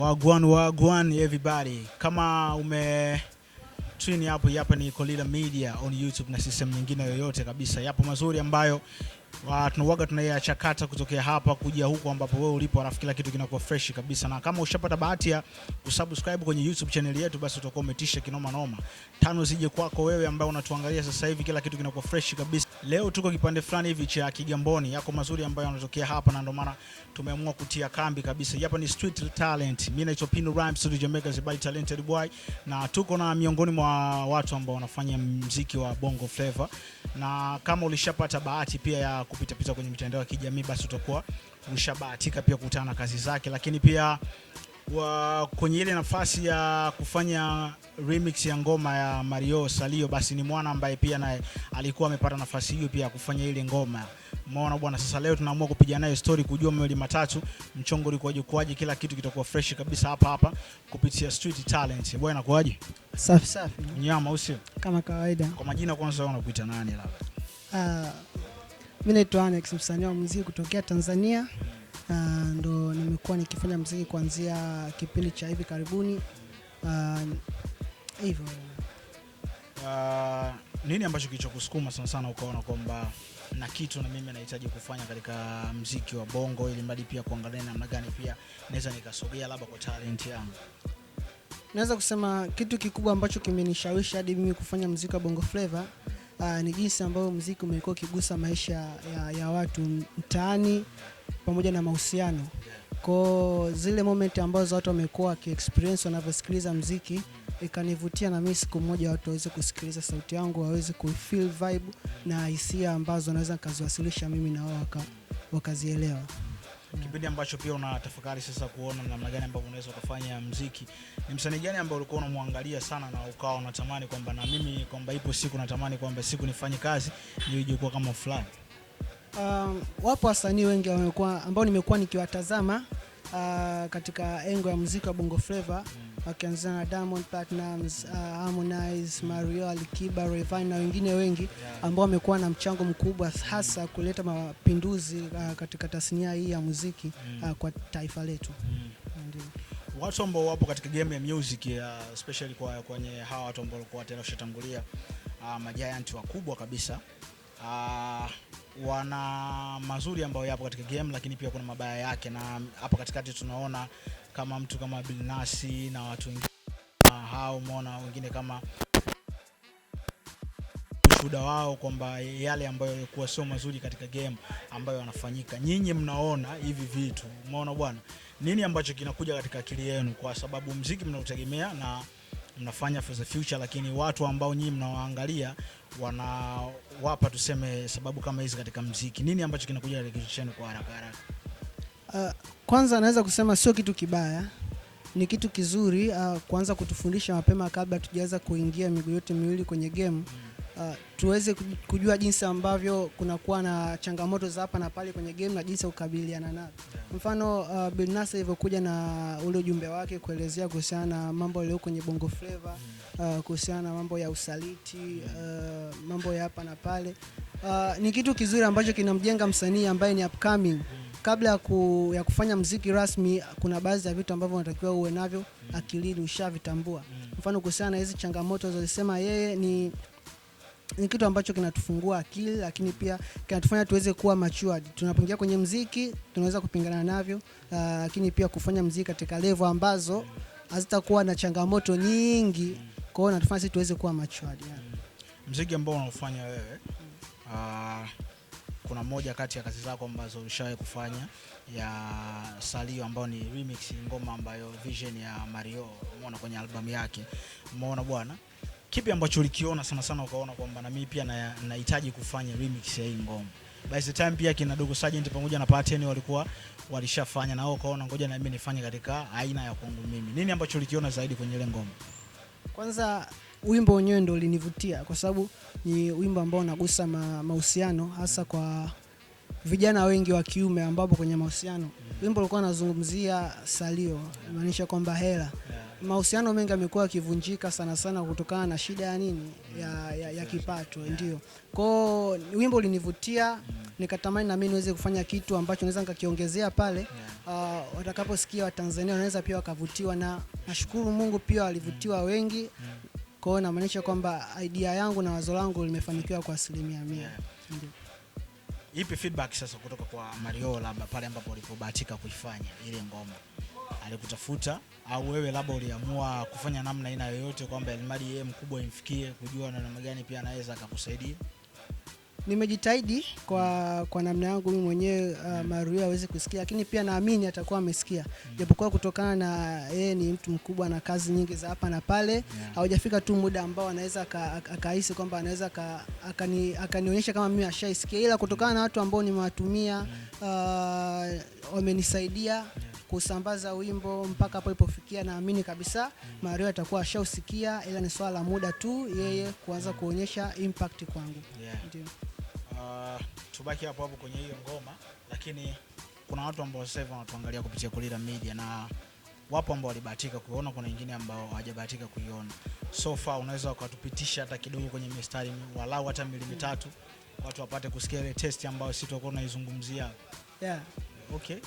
Wagwan wagwan everybody, kama ume tune hapo, hapa ni Kolila Media on YouTube na system nyingine yoyote kabisa, yapo mazuri ambayo tunauaga tunayachakata kutokea hapa kuja huko ambapo wewe ulipo, alafu kila kitu kinakuwa fresh kabisa. Na kama ushapata bahati ya kusubscribe kwenye YouTube channel yetu, basi utakuwa umetisha kinoma noma. Tano zije kwako wewe ambaye unatuangalia sasa hivi, kila kitu kinakuwa fresh kabisa. Leo tuko kipande fulani hivi cha Kigamboni, yako mazuri ambayo yanatokea hapa, na ndio maana tumeamua kutia kambi kabisa. Hapa ni street talent, mimi naitwa Pino Rhymes, studio Jamaica, the talented boy, na tuko na miongoni mwa watu ambao wanafanya mziki wa Bongo flavor, na kama ulishapata bahati pia ya kupita pita kwenye mitandao ya kijamii, basi utakuwa ushabahatika pia kukutana na kazi zake, lakini pia wa, kwenye ile nafasi ya kufanya remix ya ngoma ya Mario Salio, basi ni mwana ambaye pia naye alikuwa amepata nafasi hiyo pia ya kufanya ile ngoma. Umeona bwana, sasa leo tunaamua kupiga naye story, kujua mawili matatu, mchongo ulikuwaje, kwaje, kila kitu kitakuwa fresh kabisa hapa hapa kupitia Street Talent. Bwana, kwaje? Safi safi. Nyama usio? Kama kawaida. Kwa majina kwanza unakuita nani labda? Ah, uh, mimi naitwa Alex, msanii wa muziki kutokea Tanzania. Uh, ndo nimekuwa nikifanya muziki kuanzia kipindi cha hivi karibuni ah, hivyo. Uh, uh, nini ambacho kilichokusukuma sana sana ukaona kwamba na kitu na mimi nahitaji kufanya katika mziki wa bongo, ili mradi pia kuangalia namna gani pia naweza nikasogea labda kwa talent yangu? Naweza kusema kitu kikubwa ambacho kimenishawishi hadi mimi kufanya muziki wa bongo flava uh, ni jinsi ambavyo muziki umekuwa ukigusa maisha ya, ya watu mtaani pamoja na mahusiano kwa zile moment ambazo watu wamekuwa wakiexperience wanavyosikiliza mziki, ikanivutia na mimi siku moja watu waweze kusikiliza sauti yangu, waweze kufeel vibe na hisia ambazo naweza nikaziwasilisha mimi na wao wakazielewa. Kipindi ambacho pia unatafakari sasa kuona namna gani ambavyo unaweza ukafanya mziki, ni msanii gani ambaye ulikuwa unamwangalia sana na ukawa unatamani kwamba na mimi kwamba ipo siku natamani kwamba siku nifanye kazi nije kuwa kama fulani? Um, wapo wasanii wengi wamekuwa ambao nimekuwa nikiwatazama uh, katika engo ya muziki wa Bongo Flava mm wakianzia na Diamond Platnumz, uh, Harmonize, Mario, Alikiba, Rayvanny na wengine wengi ambao wamekuwa na mchango mkubwa hasa kuleta mapinduzi uh, katika tasnia hii ya muziki uh, mm. kwa taifa letu mm. Watu ambao wapo katika game ya music uh, especially kwa kwenye hawa watu ambao walikuwa tena ushatangulia uh, majianti wakubwa kabisa uh, wana mazuri ambayo yapo katika game, lakini pia kuna mabaya yake, na hapo katikati tunaona kama mtu kama Bilnasi na watu wengine hao, umeona wengine kama ushuhuda wao kwamba yale ambayo yalikuwa sio mazuri katika game ambayo yanafanyika, nyinyi mnaona hivi vitu, umeona bwana, nini ambacho kinakuja katika akili yenu, kwa sababu mziki mnautegemea na mnafanya for the future, lakini watu ambao nyinyi mnawaangalia wanawapa tuseme sababu kama hizi katika mziki? Nini ambacho kinakuja katika kichwa chenu kwa haraka haraka? Uh, kwanza naweza kusema sio kitu kibaya, ni kitu kizuri uh, kuanza kutufundisha mapema kabla tujaweza kuingia miguu yote miwili kwenye game mm uh, tuweze kujua jinsi ambavyo kunakuwa na changamoto za hapa na pale kwenye game na jinsi ya kukabiliana nazo. Mfano uh, Billnass alivyokuja na ule ujumbe wake kuelezea kuhusiana na mambo yaliyo kwenye Bongo Flava uh, kuhusiana na mambo ya usaliti uh, mambo ya hapa na pale uh, ni kitu kizuri ambacho kinamjenga msanii ambaye ni upcoming kabla ku, ya kufanya mziki rasmi, kuna baadhi ya vitu ambavyo unatakiwa uwe navyo akilini, ushavitambua. Mfano kuhusiana na hizi changamoto alizosema yeye, ni ni kitu ambacho kinatufungua akili, lakini pia kinatufanya tuweze kuwa matured. Tunapoingia kwenye mziki tunaweza kupingana navyo, uh, lakini pia kufanya mziki katika level ambazo hazitakuwa na changamoto nyingi. Kwa hiyo natufanya sisi tuweze kuwa matured yeah. Mziki ambao unaofanya wewe uh, kuna moja kati ya kazi zako ambazo ulishawahi kufanya ya Salio ambayo ni remix ngoma ambayo Vision ya Mario umeona kwenye albamu yake, umeona bwana kipi ambacho ulikiona sana sana ukaona kwamba na mimi pia nahitaji na kufanya remix ya hii ngoma? By the time pia kina Dogo Sergeant pamoja na Pateni walikuwa walishafanya na wao, kaona ngoja na mimi nifanye katika aina ya kwangu mimi. Nini ambacho ulikiona zaidi kwenye ile ngoma? Kwanza wimbo wenyewe ndio ulinivutia kwa sababu ni wimbo ambao unagusa mahusiano hasa kwa vijana wengi wa kiume ambapo kwenye mahusiano. Mm. Wimbo ulikuwa unazungumzia salio, inamaanisha kwamba hela mahusiano mengi yamekuwa yakivunjika sana sana kutokana na shida ya nini ya, ya, ya kipato yeah. ndio. Kwao wimbo ulinivutia mm. nikatamani na mimi niweze kufanya kitu ambacho naweza nikakiongezea pale yeah. uh, watakaposikia Watanzania wanaweza pia wakavutiwa, na nashukuru Mungu pia walivutiwa mm. wengi. Mm. Kwao namaanisha kwamba idea yangu na wazo langu limefanikiwa kwa asilimia mia. Ndio. Ipi feedback sasa kutoka kwa Mario, labda pale ambapo ulipobahatika kuifanya ile ngoma? alikutafuta au wewe labda uliamua kufanya namna aina yoyote kwamba elimadi yeye mkubwa imfikie kujua na namna gani pia anaweza akakusaidia? Nimejitahidi kwa, kwa namna yangu mimi mwenyewe uh, hmm. Mario aweze kusikia, lakini pia naamini atakuwa amesikia hmm. japokuwa mm. kutokana na yeye ni mtu mkubwa na kazi nyingi za hapa na pale haujafika yeah. tu muda ambao anaweza akahisi kwamba anaweza akanionyesha kama mimi ashaisikia, ila kutokana na watu ambao nimewatumia mm. uh, wamenisaidia yeah kusambaza wimbo mpaka hapo ilipofikia, naamini kabisa Mario atakuwa ashausikia, ila ni swala la muda tu yeye kuanza kuonyesha impact kwangu. Yeah. Ndio. Uh, tubaki hapo hapo kwenye hiyo ngoma, lakini kuna watu ambao sasa hivi wanatuangalia kupitia Kolila Media na wapo ambao walibahatika kuona, kuna wengine ambao hawajabahatika kuiona. So far unaweza ukatupitisha hata kidogo kwenye mistari walau hata miwili mitatu, watu wapate kusikia ile test ambayo sisi tutakuwa tunaizungumzia. Yeah. Okay.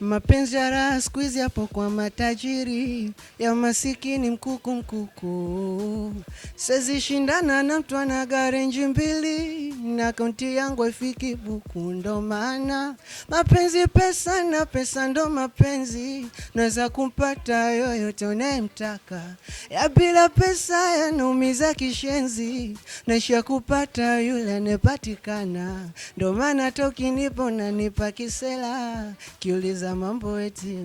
Mapenzi ya raha siku hizi kwa matajiri, ya masikini mkuku mkuku, sezi shindana na mtu ana garenji mbili na kaunti yangu haifiki buku, ndo maana mapenzi pesa na pesa ndo mapenzi, naweza kumpata yoyote unayemtaka, ya bila pesa yanaumiza kishenzi, naisha kupata yule anayepatikana, ndo maana toki nipo nanipa kisela kiuliza mambo eti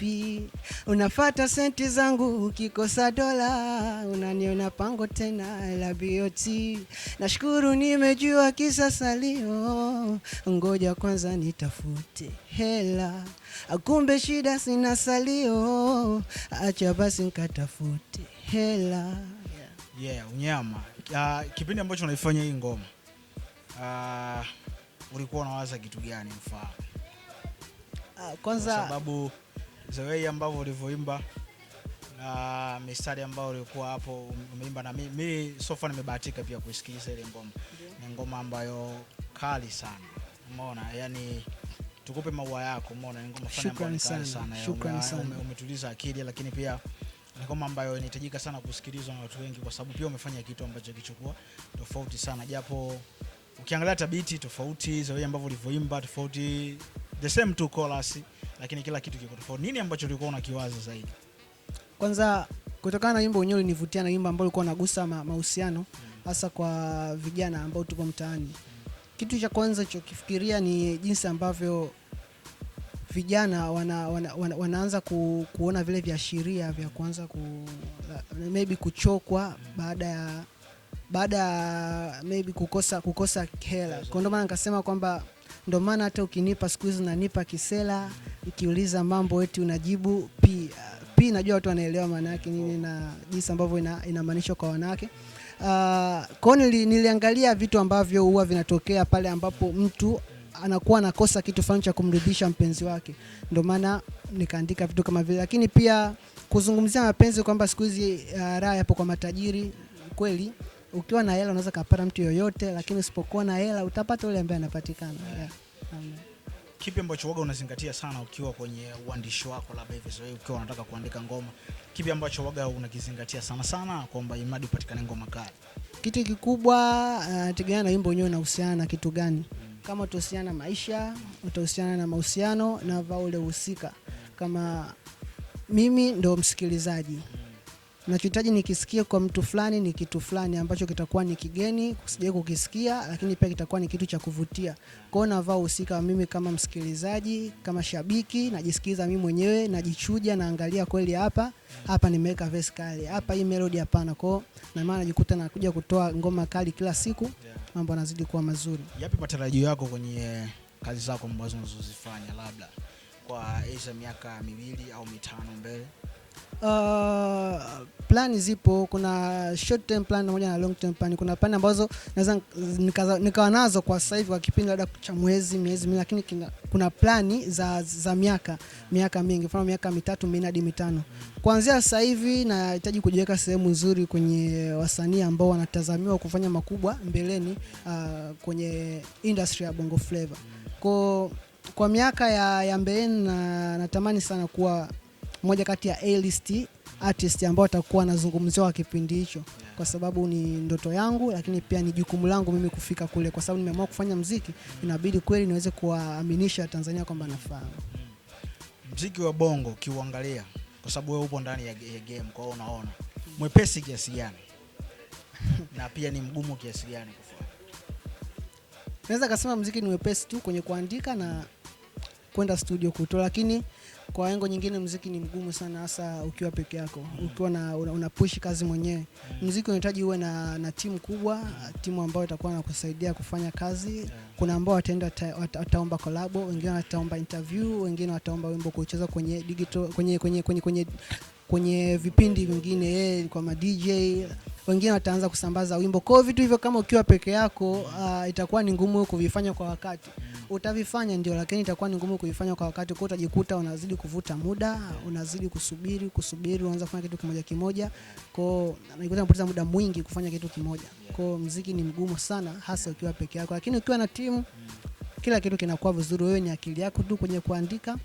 vipi? Unafata senti zangu, ukikosa dola unaniona pango tena la BOT. Nashukuru nimejua kisa salio, ngoja kwanza nitafute hela, akumbe shida sina salio, acha basi nkatafute hela. Yeah, yeah unyama. Uh, kipindi ambacho unaifanya hii ngoma uh, ulikuwa unawaza kitu gani Mfano Uh, kwanza sababu the way ambavyo ulivyoimba na mistari ambayo ulikuwa hapo umeimba, na mimi sofa nimebahatika pia kuisikiliza ile ngoma. Ni ngoma ambayo kali sana, umeona yani tukupe maua yako, umeona ni ngoma fulani ambayo kali yaani, sana, Ume, umetuliza akili, lakini pia ni ngoma ambayo inahitajika sana kusikilizwa na watu wengi, kwa sababu pia umefanya kitu ambacho kichukua tofauti sana, japo ukiangalia tabiti tofauti, zawei ambavyo ulivyoimba tofauti, the same two chorus lakini kila kitu kiko tofauti. Nini ambacho ulikuwa unakiwaza zaidi? Kwanza kutokana na wimbo wenyewe ulinivutia, na wimbo ambao ulikuwa unagusa mahusiano hasa kwa vijana ambao tupo mtaani kitu cha kwanza chokifikiria ni jinsi ambavyo vijana wana, wana, wana, wanaanza ku, kuona vile viashiria vya kuanza ku, maybe kuchokwa baada ya baada ya maybe kukosa, kukosa hela. Kwa ndio maana nikasema kwamba ndio maana hata ukinipa siku hizi unanipa kisela, ikiuliza mambo eti unajibu p pi. Najua watu wanaelewa maana yake nini na jinsi ambavyo inamaanishwa kwa wanawake uh, ah, kwao. Nili, niliangalia vitu ambavyo huwa vinatokea pale ambapo mtu anakuwa anakosa kitu fulani cha kumridhisha mpenzi wake, ndio maana nikaandika vitu kama vile, lakini pia kuzungumzia mapenzi kwamba siku hizi uh, raha yapo kwa matajiri kweli ukiwa na hela unaweza kapata mtu yoyote, lakini usipokuwa na hela utapata yule ambaye anapatikana. Yeah. Amen. Kipi ambacho waga unazingatia sana ukiwa kwenye uandishi wako, labda hivi sasa ukiwa unataka kuandika ngoma, kipi ambacho waga unakizingatia sana sana kwamba imadi upatikane ngoma kali? Kitu kikubwa nategemea uh, na wimbo wenyewe unahusiana na kitu gani. mm. Kama utahusiana na maisha, utahusiana na mahusiano na vile husika. Kama mimi ndo msikilizaji Nachohitaji nikisikia kwa mtu fulani ni kitu fulani ambacho kitakuwa ni kigeni, sijawahi kukisikia, lakini pia kitakuwa ni kitu cha kuvutia. kwao navaa husika mimi kama msikilizaji, kama shabiki, najisikiza mimi mwenyewe, najichuja, naangalia kweli hapa hapa nimeweka verse kali, hapa hii melody hapana. kwao hiyo na maana najikuta nakuja kutoa ngoma kali kila siku, mambo yanazidi kuwa mazuri. Yapi matarajio yako kwenye eh, kazi zako ambazo unazozifanya labda kwa aidha miaka miwili au mitano mbele? uh, plani zipo, kuna short term plan pamoja na long term plan. Kuna plan ambazo naweza nikawa nazo kwa sasa hivi kwa kipindi labda cha mwezi miezi mingi, lakini kina, kuna plani za, za miaka miaka mingi, mfano miaka mitatu minne hadi mitano. Kuanzia sasa hivi nahitaji kujiweka sehemu nzuri kwenye wasanii ambao wanatazamiwa kufanya makubwa mbeleni, uh, kwenye industry ya Bongo Flava kwa, kwa miaka ya, ya mbeleni na natamani sana kuwa moja kati ya A-list artist ambao atakuwa anazungumziwa kwa kipindi hicho, kwa sababu ni ndoto yangu, lakini pia ni jukumu langu mimi kufika kule, kwa sababu nimeamua kufanya mziki, inabidi kweli niweze kuwaaminisha Tanzania kwamba nafahamu mziki wa bongo. Kiuangalia kwa sababu wewe upo ndani ya, ya game, kwa hiyo unaona mwepesi kiasi gani na pia ni mgumu kiasi gani kufanya. Naweza kusema mziki ni mwepesi tu kwenye kuandika na kwenda studio kutoa, lakini kwa engo nyingine mziki ni mgumu sana, hasa ukiwa peke yako, ukiwa na una, una push kazi mwenyewe. Mziki unahitaji uwe na, na timu kubwa, timu ambayo itakuwa kusaidia kufanya kazi. Kuna ambao wataenda wataomba kolabo, wengine wataomba interview, wengine wataomba wimbo kucheza kwenye digital, kwenye, kwenye, kwenye, kwenye kwenye vipindi vingine eh, kwa ma DJ wengine wataanza kusambaza wimbo. Kwa vitu hivyo kama ukiwa peke yako, uh, itakuwa ni ngumu kuvifanya kwa wakati. Utavifanya ndio, lakini itakuwa ni ngumu kuifanya kwa wakati. Kwa utajikuta unazidi kuvuta muda, unazidi kusubiri kusubiri, unaanza kufanya kitu kimoja kimoja, kwa unajikuta unapoteza muda mwingi kufanya kitu kimoja. Kwa muziki ni mgumu sana, hasa ukiwa peke yako, lakini ukiwa na timu kila kitu kinakuwa vizuri. Wewe ni akili yako tu kwenye kuandika,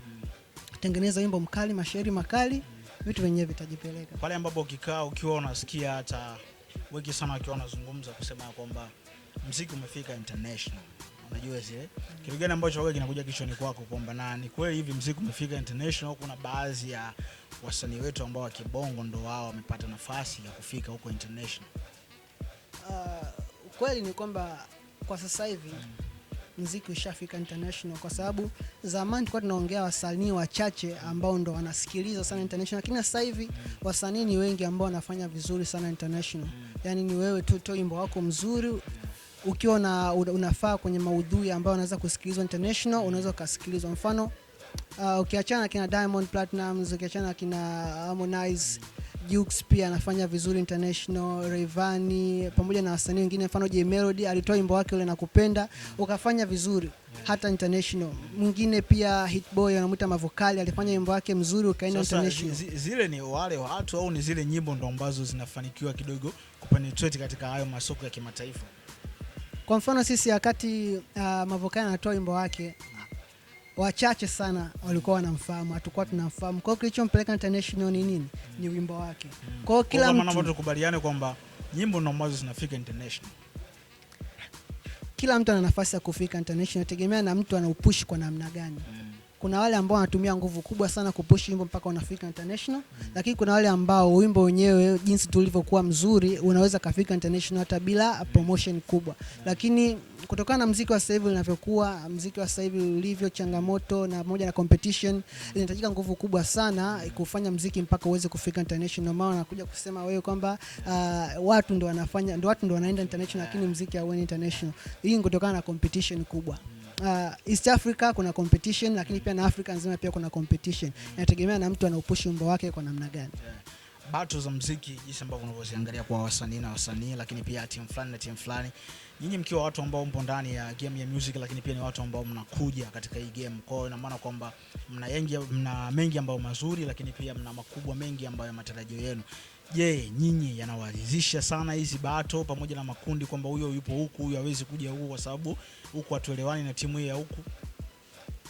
tengeneza wimbo mkali, mashairi makali, vitu vyenyewe vitajipeleka pale ambapo ukikaa ukiwa unasikia hata wengi sana wakiwa wanazungumza kusema kwamba muziki umefika international unajua zile eh? kitu gani ambacho wewe kinakuja kichwani kwako kwamba na ni kweli hivi mziki umefika international. Kuna baadhi ya wasanii wetu ambao wa kibongo ndo wao wamepata nafasi ya kufika huko international. Uh, kweli ni kwamba kwa sasa hivi mm mziki ushafika international kwa sababu zamani tulikuwa tunaongea wasanii wachache ambao ndo wanasikiliza sana international, lakini sasa hivi wasanii ni wengi ambao wanafanya vizuri sana international. Mm. Yani ni wewe tu toa wimbo wako mzuri ukiwa una, unafaa kwenye maudhui ambayo unaweza kusikilizwa international, unaweza ukasikilizwa mfano uh, ukiachana na kina Diamond Platnumz, ukiachana na kina Harmonize, Jukes pia anafanya vizuri international, Rayvanny pamoja na wasanii wengine, mfano J Melody alitoa wimbo wake ule nakupenda ukafanya vizuri hata international. Mwingine pia Hitboy anamuita Mavokali alifanya wimbo wake mzuri ukaenda international. Zile ni wale watu au ni zile nyimbo ndo ambazo zinafanikiwa kidogo kupenetrate katika hayo masoko ya kimataifa? Kwa mfano sisi wakati uh, Mavokana anatoa wimbo wake wachache sana walikuwa wanamfahamu, hatukuwa tunamfahamu. Kwa hiyo kilichompeleka international ni nini? Ni wimbo wake. Kwa hiyo kila mtu, tukubaliane kwamba nyimbo na ambazo zinafika international, kila mtu ana nafasi ya kufika international, tegemea na mtu ana upushi kwa namna gani. Mm kuna wale ambao wanatumia nguvu kubwa sana kupush wimbo mpaka unafika international mm. -hmm. Lakini kuna wale ambao wimbo wenyewe jinsi tulivyokuwa mzuri unaweza kafika international hata bila promotion kubwa mm. Lakini kutokana na mziki wa sasa hivi unavyokuwa, mziki wa sasa hivi ulivyo, changamoto na moja na competition, inahitajika nguvu kubwa sana kufanya mziki mpaka uweze kufika international. Maana anakuja kusema wewe kwamba uh, watu ndo wanafanya ndo watu ndo wanaenda international, lakini mziki hauendi international. Hii kutokana na competition kubwa. mm uh, East Africa kuna competition lakini pia na Africa nzima pia kuna competition. Inategemea na mtu anaupushi umbo wake kwa namna gani. Yeah. za muziki jinsi ambavyo unavyoziangalia kwa wasanii na wasanii, lakini pia timu fulani na team fulani, nyinyi mkiwa watu ambao mpo ndani ya game ya music, lakini pia ni watu ambao mnakuja katika hii game. Kwa hiyo ina maana kwamba mna mengi ambayo mazuri, lakini pia mna makubwa mengi ambayo matarajio yenu. Je, nyinyi yanawaridhisha sana hizi bato pamoja na makundi kwamba huyo yupo huku huyo hawezi kuja huku kwa sababu huku hatuelewani na timu hii ya huku?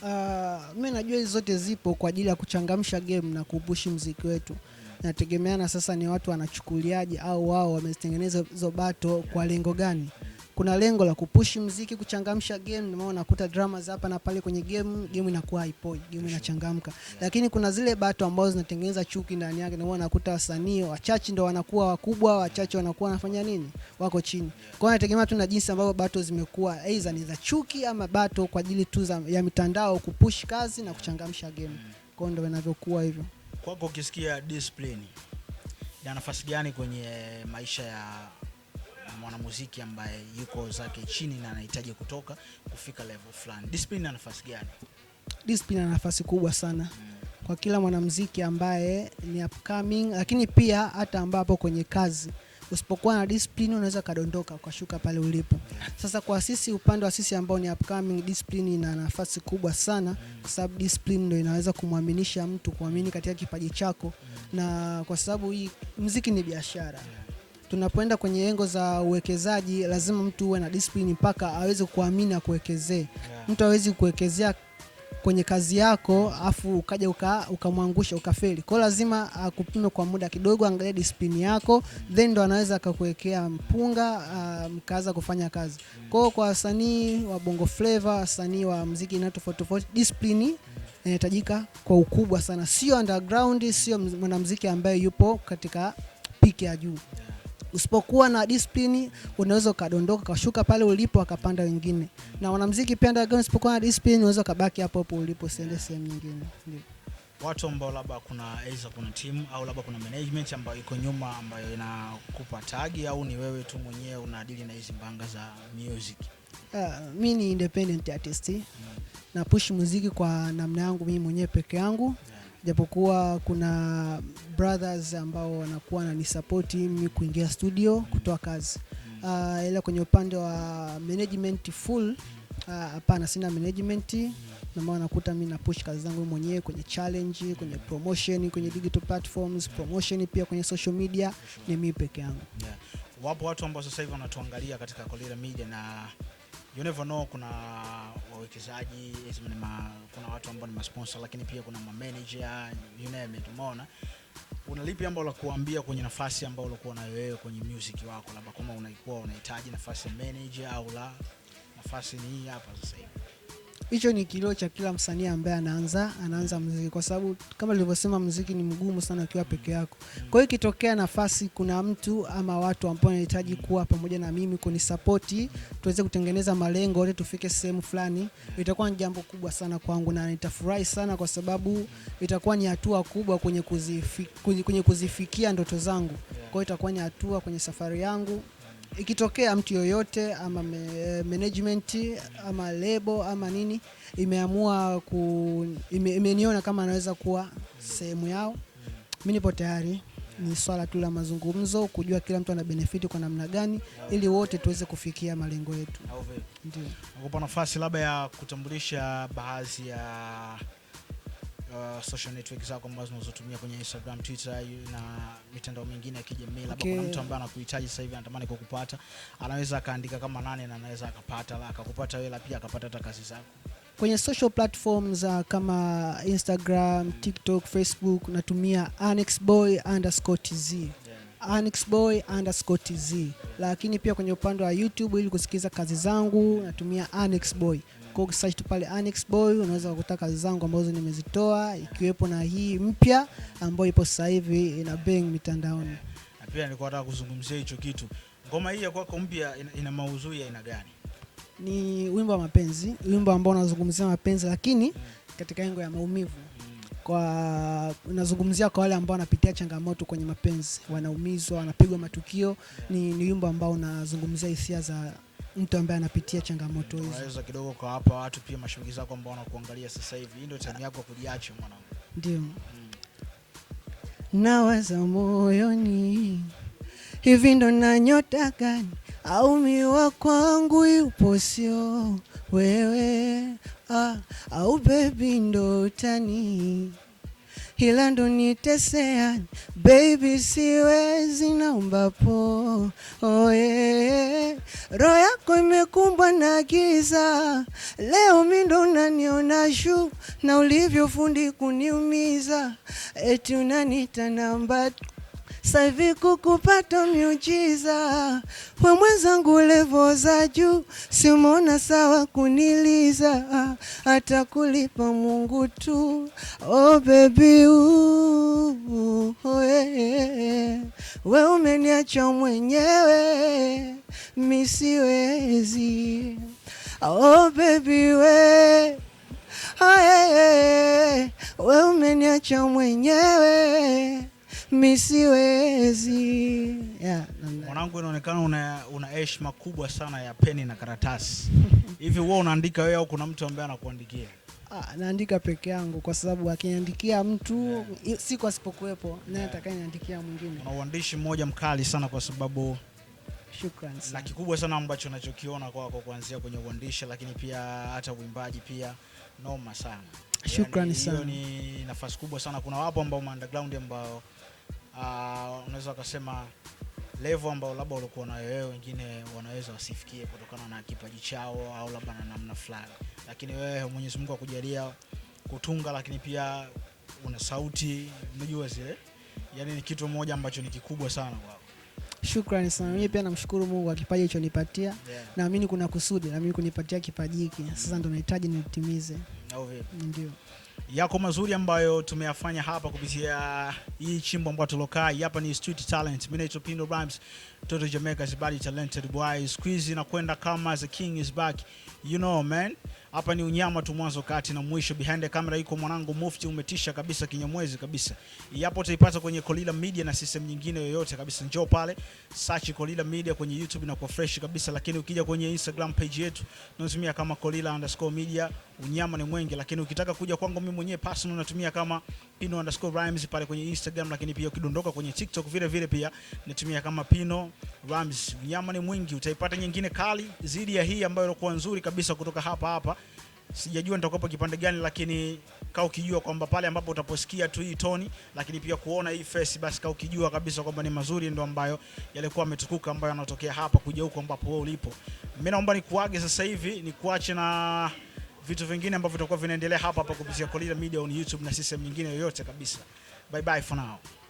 Uh, mimi najua hizi zote zipo kwa ajili ya kuchangamsha game na kuupushi mziki wetu. Nategemeana sasa ni watu wanachukuliaje au wao wamezitengeneza hizo bato kwa lengo gani? kuna lengo la kupushi mziki, kuchangamsha game. Ndio maana unakuta drama za hapa na pale kwenye game, game inakuwa haipoji, game inachangamka. yeah. Lakini kuna zile bato ambazo zinatengeneza chuki ndani yake, ndio maana unakuta wasanii wachache ndio wanakuwa wakubwa, wachache wanakuwa wanafanya nini, wako chini. yeah. Kwa hiyo inategemea tu na jinsi ambavyo bato zimekuwa, aidha ni za chuki ama bato kwa ajili tu ya mitandao kupush kazi na kuchangamsha game. mm. Kwa hiyo ndio inavyokuwa hivyo. Kwako ukisikia discipline ina nafasi gani kwenye maisha ya mwanamuziki ambaye yuko zake chini na anahitaji kutoka kufika level fulani, discipline ina nafasi gani? Discipline ina nafasi kubwa sana mm. kwa kila mwanamuziki ambaye ni upcoming, lakini pia hata ambapo kwenye kazi usipokuwa na discipline unaweza kadondoka kwa shuka pale ulipo. Sasa kwa sisi upande wa sisi ambao ni upcoming, discipline ina nafasi kubwa sana, mm. kwa sababu discipline ndio inaweza kumwaminisha mtu kuamini katika kipaji chako, mm. na kwa sababu hii muziki ni biashara yeah tunapoenda kwenye engo za uwekezaji, lazima mtu uwe na discipline mpaka aweze kuamini na Yeah. Mtu hawezi kuwekezea kwenye kazi yako afu ukaja ukamwangusha uka ukafeli. Kwa lazima akupime kwa muda kidogo, angalia disipini yako then ndo anaweza akakuwekea mpunga ah, mkaanza kufanya kazi. Mm. Kwa hiyo kwa wasanii wa Bongo Flava, wasanii wa mziki na tofauti tofauti, disipini eh, inahitajika kwa ukubwa sana, sio underground, sio mwanamziki ambaye yupo katika piki ya juu. yeah. Usipokuwa na discipline, unaweza ukadondoka ukashuka pale ulipo akapanda wengine. Na wanamuziki pia ndio, usipokuwa na discipline, unaweza ukabaki hapo hapo ulipo, usiende sehemu nyingine. Ndio watu ambao labda kuna aidha kuna timu au labda kuna management ambayo iko nyuma ambayo inakupa tagi au ni wewe tu mwenyewe unaadili na hizi mbanga za music? Uh, ah, mi ni independent artist. Mm. Na push muziki kwa namna yangu mimi mwenyewe peke yangu. Yeah japokuwa kuna brothers ambao wanakuwa wananisapoti mimi kuingia studio kutoa kazi uh, ila kwenye upande wa management full ah, hapana, uh, sina management mm. nambao nakuta mi na push kazi zangu mwenyewe kwenye challenge, kwenye promotion, kwenye digital platforms promotion, pia kwenye social media ni mimi peke yangu. Yeah. Wapo watu ambao sasa hivi wanatuangalia katika Media na you never know, kuna wawekezaji, kuna watu ambao ni masponsa lakini pia kuna mamanager you name it, umeona una lipi ambalo la kuambia kwenye nafasi ambayo ulikuwa nayo wewe kwenye music wako, labda kama unaikuwa unahitaji nafasi ya manager au la, nafasi ni hii hapa sasa hivi hicho ni kilio cha kila msanii ambaye anaanza anaanza muziki, kwa sababu kama nilivyosema, muziki ni mgumu sana ukiwa peke yako. Kwa hiyo ikitokea nafasi, kuna mtu ama watu ambao wanahitaji kuwa pamoja na mimi kunisapoti, tuweze kutengeneza malengo yote, tufike sehemu fulani, itakuwa ni jambo kubwa sana kwangu na nitafurahi sana, kwa sababu itakuwa ni hatua kubwa kwenye kuzifikia ndoto zangu. Kwa hiyo itakuwa ni hatua kwenye safari yangu ikitokea mtu yoyote ama management ama lebo ama nini imeamua ku, ime, imeniona kama anaweza kuwa sehemu yao, mi nipo tayari. Ni swala tu la mazungumzo, kujua kila mtu ana benefiti kwa namna gani, ili wote tuweze kufikia malengo yetu. Ndio nakupa nafasi labda ya kutambulisha baadhi ya Uh, social network zako ambazo unazotumia kwenye Instagram, Twitter na mitandao mingine ya kijamii labda okay. Kuna mtu ambaye anakuhitaji sasa hivi anatamani kukupata, anaweza akaandika kama nane na anaweza akapata akakupata wewe, pia akapata hata kazi zako kwenye social platforms uh, kama Instagram, TikTok, Facebook natumia anexboy_tz yeah. anexboy_tz, lakini pia kwenye upande wa YouTube ili kusikiza kazi zangu natumia anexboy kwa ukisearch tu pale Annex Boy unaweza kukuta kazi zangu ambazo nimezitoa ikiwepo na hii mpya ambayo ipo sasa hivi ina bang mitandaoni. Na Pia nilikuwa nataka kuzungumzia hicho kitu. Ngoma hii ya kwako mpya ina, ina maudhui ya aina gani? Ni wimbo wa mapenzi, wimbo ambao unazungumzia mapenzi lakini hmm, katika engo ya maumivu mm. kwa unazungumzia kwa wale ambao wanapitia changamoto kwenye mapenzi, wanaumizwa, wanapigwa matukio ni, ni wimbo ambao unazungumzia hisia za mtu ambaye anapitia changamoto hizo. Unaweza kidogo kwa hapa watu pia mashabiki zako ambao wanakuangalia sasa hivi, hii ndio time yako kujiacha mwanangu. Ndio. Nawaza moyoni hivi ndo na nyota gani au miwa kwangu yupo sio wewe, ah, au bebi ndo utani hila ndo nitesea baby, siwezi naumbapo po oh, Roho yako imekumbwa na giza, leo mindo unaniona shu na ulivyofundi kuniumiza, eti unanita namba savi kukupata miujiza, kwa mwenzangu levo za juu, simona sawa kuniliza, hata kulipa Mungu tu. Oh baby eh. We umeniacha mwenyewe misiwezi Oh baby we oh, yeah, yeah. We umeniacha mwenyewe misiwezi. Yeah, mwanangu, inaonekana una una heshima kubwa sana ya peni na karatasi hivi huwa unaandika wewe au kuna mtu ambaye anakuandikia? Ah, naandika peke yangu kwa sababu akiniandikia mtu yeah. siku asipokuwepo naye yeah. atakayeniandikia mwingine. Una uandishi mmoja mkali sana kwa sababu Shukrani sana. Na kikubwa sana ambacho nachokiona kwako kuanzia kwenye uandishi lakini pia hata uimbaji pia noma sana. Shukrani yani, sana. Hiyo ni nafasi kubwa sana. Kuna wapo ambao underground ambao Ah, unaweza ukasema levo ambao labda ulikuwa nayo wewe, wengine wanaweza wasifikie kutokana na kipaji chao au labda na namna fulani, lakini wewe Mwenyezi Mungu akujalia kutunga, lakini pia una sauti, unajua zile, yani ni kitu moja ambacho ni kikubwa sana kwa Shukrani sana. Mimi pia namshukuru Mungu kwa kipaji ichonipatia Yeah. Naamini kuna kusudi na mimi kunipatia kipaji hiki. Sasa ndo nahitaji nitimize. Ndio yako mazuri ambayo tumeyafanya hapa kupitia hii chimbo ambayo tulokaa hapa. Ni street talent, mimi naitwa Pindo Rhymes, Toto Jamaica is body talented boy, squeeze na kwenda kama the king is back, you know man. Hapa ni unyama tu, mwanzo kati na mwisho. Behind the camera iko mwanangu Mufti, umetisha kabisa, kinyamwezi kabisa. Yapo utaipata kwenye Kolila Media na system nyingine yoyote kabisa, njoo pale search Kolila Media kwenye YouTube na kwa fresh kabisa, lakini ukija kwenye Instagram page yetu tunatumia kama Kolila_media unyama ni mwingi, lakini ukitaka kuja kwangu mimi mwenyewe personal natumia kama Pino underscore Rhymes pale kwenye Instagram, lakini pia ukidondoka kwenye TikTok vile vile pia natumia kama Pino Rhymes. Unyama ni mwingi, utaipata nyingine kali zidi ya hii ambayo ilikuwa nzuri kabisa kutoka hapa hapa. Sijajua nitakopa kipande gani, lakini kaa ukijua kwamba pale ambapo utaposikia tu hii toni, lakini pia kuona hii face, basi kaa ukijua kabisa kwamba ni mazuri ndio ambayo yalikuwa ametukuka ambayo yanatokea hapa kuja huko ambapo wewe ulipo. Mimi naomba nikuage sasa hivi, nikuache na vitu vingine ambavyo vitakuwa vinaendelea hapa hapa kupitia Kolila Media on YouTube na si nyingine yoyote kabisa. Bye bye for now.